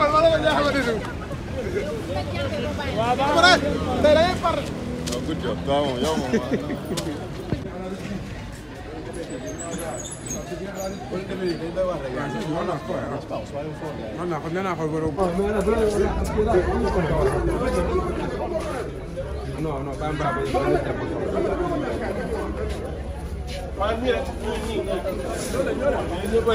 football wala nga xamante ni. waaw baax na tey da ngay far. waaw good job waaw moom yow moom non non ban ba ba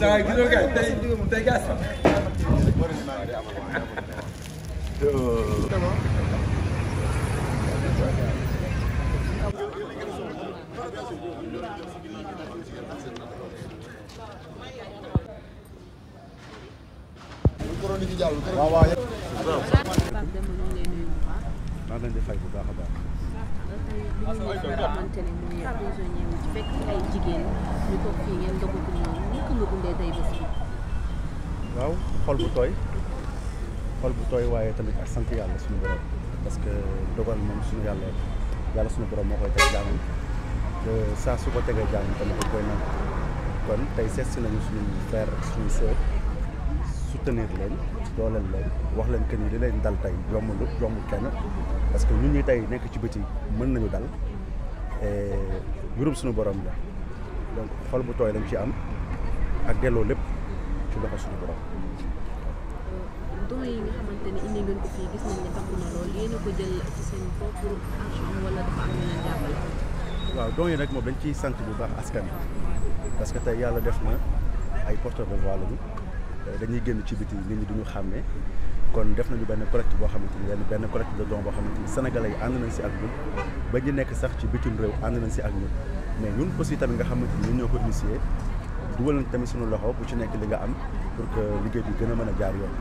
saa gisoo kay tey moom tey gas fa. Thank you. li fi jàll waaw waaw bu baax a baax waaw xol bu tooy xol bu tooy waaye tamit ak sant yàlla suñu borom que dogal moom suñu yàlla yàlla suñu borom moo koy teg jaamam saa su ko tegee jaamam tamit dañ koy nangu kon tey seet si nañu suñu frère ak suñu sœur soutenir leen dooleel leen wax leen que ni li leen dal tey yombul yombul kenn parce que ñun ñi tey nekk ci bëti mën nañu dal mbirum suñu borom la donc bu tooy lañ ci am ak delloo lépp ci loxo suñu borom. dons yi nga xamante ne indi ngeen ko fii gis nañ ne takku na lool yéen a ko jël ci seen bopp argent wala dafa am ñu leen jàppale. waaw dons yi nag moom dañ ciy sant bu baax askan parce que te yàlla def na ay porteurs de voix dañuy génn ci biti nit ñi duñu xàmmee kon def nañu benn collecte boo xamante ni benn benn collecte de dons boo xamante ni sénégalais yi ànd nañ si ak ñun ba ñu nekk sax ci bitim réew ànd nañ si ak ñun mais ñun aussi tamit nga xamante ni ñun ñoo ko initié dugal nañ loxo bu ci nekk li nga am pour que liggéey bi gën a mën a jaar yoon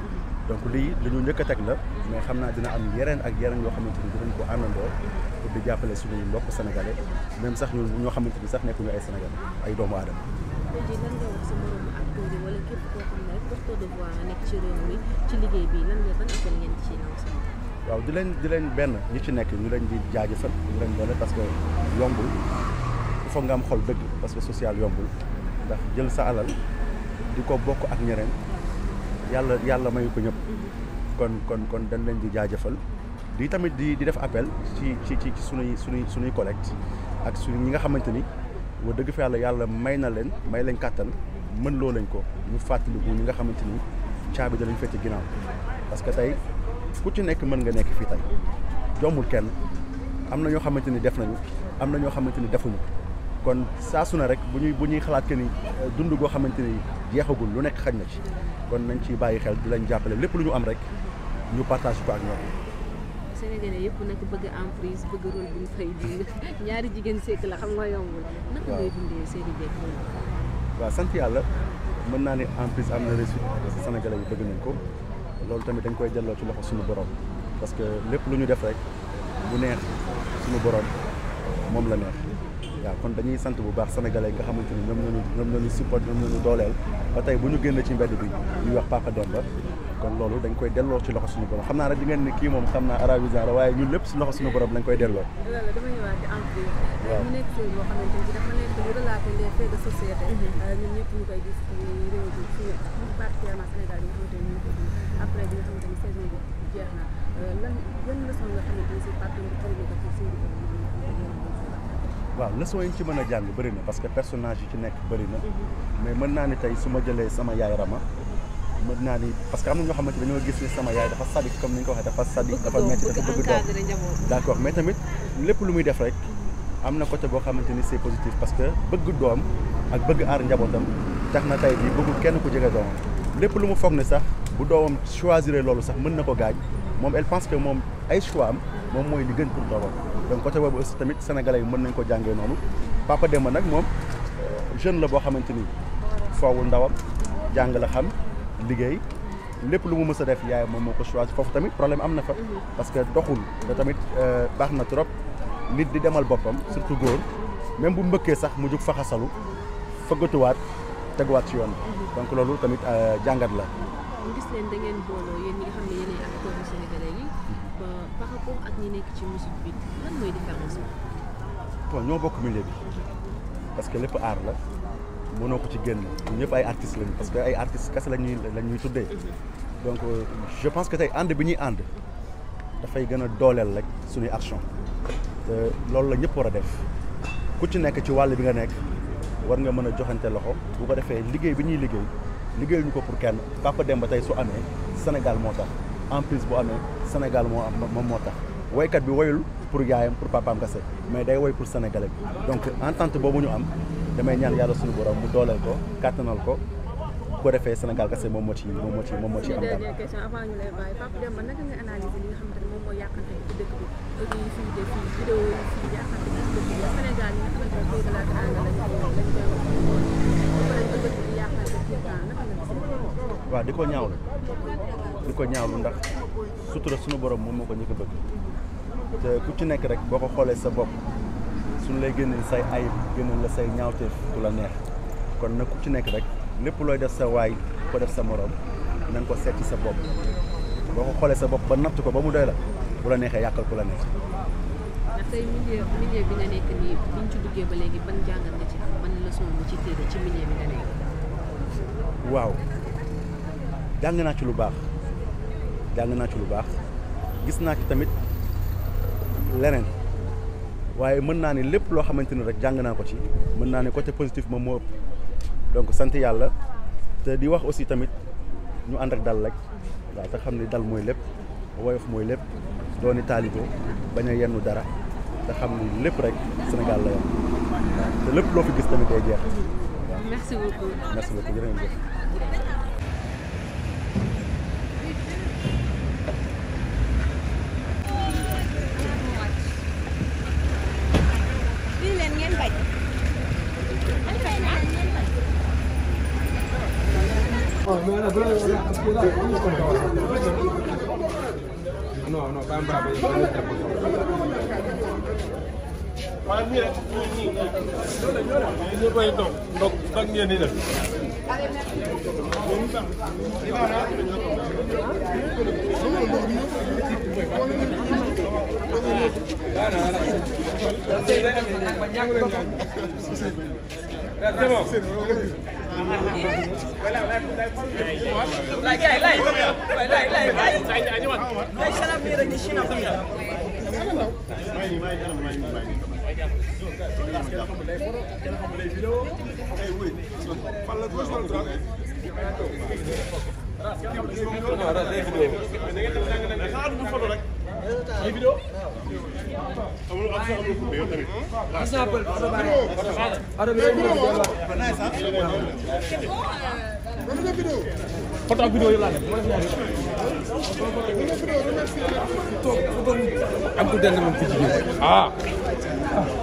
donc lii ñu njëkk teg la mais xam naa dina am yeneen ak yeneen yoo xamante ni dinañ ko àndandoo pour di jàppale suñuy mbokk sénégalais même sax ñun ñoo xamante ni sax nekkuñu ay sénégalais ay doomu aadama ci réew mi waaw di leen di leen benn ñi ci nekk ñu leen di jaajëfal ñu leen doole parce que yombul il nga am xol dëgg parce que social yombul ndax jël sa alal di ko bokk ak ñeneen yàlla yàlla mayu ko ñëpp mm-hmm. kon kon kon dañ leen di jaajëfal di tamit di di def appel ci ci ci sunuy sunuy sunuy collecte ak suñu ñi nga xamante ni. wa dëgg fa yàlla yàlla may na leen may leen kàttan mën loo lañ ko ñu fàttaliku ñi nga xamante ni caabi dalañ fecc ginnaaw parce que tey ku ci nekk mën nga nekk fii tey jombul kenn am na ñoo xamante ni def nañu am na ñoo xamante ni defuñu kon saa na ne rek bu ñuy bu ñuy xalaat que ni euh, dund goo xamante ni jeexagul lu nekk xaj na ci kon nañ ciy bàyyi xel di lañ jàppale lépp lu ñu am rek ñu partage ko ak ñoom. Sénégalais yëpp nag bëgg emprise bëgg rôle bu ñu fay dund ñaari jigéen sekk la xam nga yombul. waaw naka ngay dundee série bi waaw sant yàlla mën naa ne emprise am na réussite parce que sénégalais yi bëgg nañ ko loolu tamit dañ koy delloo ci loxo suñu borom parce que lépp lu ñu def rek bu neex suñu borom moom la neex. waaw kon dañuy sant bu baax sénégalais yi nga xamante ni ñoom ñoo ñu ñoom ñoo ñu support ñoom ñoo ñu dooleel ba tey bu ñu génn ci mbedd bi ñuy wax Papa Demba. kon loolu dañ koy delloo ci loxo suñu borom xam naa nag di ngeen kii moom xam naa arabisan la waaye ñun lépp si loxo suñu borom lañ koy delloo. loolu dama ñëwaat ci waaw mu nekk ni ci mën a jàng bëri na parce que personnage yi ci nekk bëri na mhm. mais mën naa ni tey su ma jëlee sama yaay Rama mën naa ni parce que am na ñoo xamante dañoo gis ni sama yaay dafa sadique comme ni nga ko waxee dafa sadique dafa métti dafa bëgg doom d' accord mais tamit lépp lu muy def rek am na côté boo xamante ni c' est positif parce que bëgg doom ak bëgg aar njabootam tax na tey jii kenn ku jege doomam lépp lu mu foog ne sax bu doomam choisir loolu sax mën na ko gaañ moom elle pense que moom ay choix moom mooy li gën pour donc côté boobu tamit sénégalais yi mën nañ ko jàngee noonu Papa Demba nag moom euh, jeune la boo xamante ni foowul ndawam jàng la xam liggéey lépp lu mu mës a def yaay moom moo ko choisir foofu tamit problème am na fa mhm. parce que doxul te tamit euh, baax na trop nit di demal boppam surtout góor même bu mbëkkee sax mu jug faxasalu fëggatuwaat teguwaat ci yoon mhm. donc loolu tamit euh, jàngat la gis leen da booloo yéen xam ne yéen ay acteurs mhm. ak ñi nekk ci musique bi lan mooy différence bi bon ñoo bokk milieu bi parce que lépp aar la mënoo ko ci génn ñëpp ay artistes lañu parce que ay artistes kese la ñuy la ñuy tuddee donc je pense que tey ànd bi ñuy ànd dafay gën a dooleel rek suñuy action te loolu la ñëpp war a def ku ci nekk ci wàll bi nga nekk war nga mën a joxante loxo bu ko defee liggéey bi ñuy liggéey liggéeyuñu ko pour kenn Papa ba tey su amee Sénégal moo tax en plus bu amee Sénégal moo am moom moo tax woykat bi woyul pour yaayam pour papaam kese mais day woy pour sénégalais bi donc entente boobu ñu am damay ñaan yàlla suñu borom mu dooleel ko kàttanal ko bu ko defee Sénégal kese moom moo ci moom moo ci moom am la Teranga waaw di ko ñaawlu di ko ñaawlu ndax sutura suñu borom moom moo ko ñu ko bëgg te ku ci nekk rek boo ko xoolee sa bopp. suñu lay génneel say ayib génneel la say ñaawteef du la neex kon nag ku ci nekk rek lépp looy def sa waay ko def sa morom na ko seet sa bopp boo ko xoolee sa bopp ba natt ko ba mu doy la bu la neexee yàqal ku la neex. ndax tey milieu milieu bi nga nekk nii biñ ci duggee ba léegi ban jàngat nga ci naa ci lu baax jàng naa ci lu baax gis naa ci tamit leneen. waaye mën naa ni lépp loo xamante ni rek jàng naa ko ci mën naa ne côté positif moom moo ëpp donc sant yàlla te di wax aussi tamit ñu ànd ak dal rek waaw te xam ne dal mooy lépp woyof mooy lépp dooni taalibe bañ a yennu dara te xam ne lépp rek Sénégal la yam te lépp loo fi gis tamit day jeex. merci non non Bamba bi waaw nii rek nii nii ñu koy toog ndox ndox ngeen di def. C'est bon. Ras, kan ay vidéo amul ak amul coupé yow tamit gis naa pël oto bi photo ak vidéo yëpp laa def ma def ñaari toog ak ku dend moom ku jigéen ah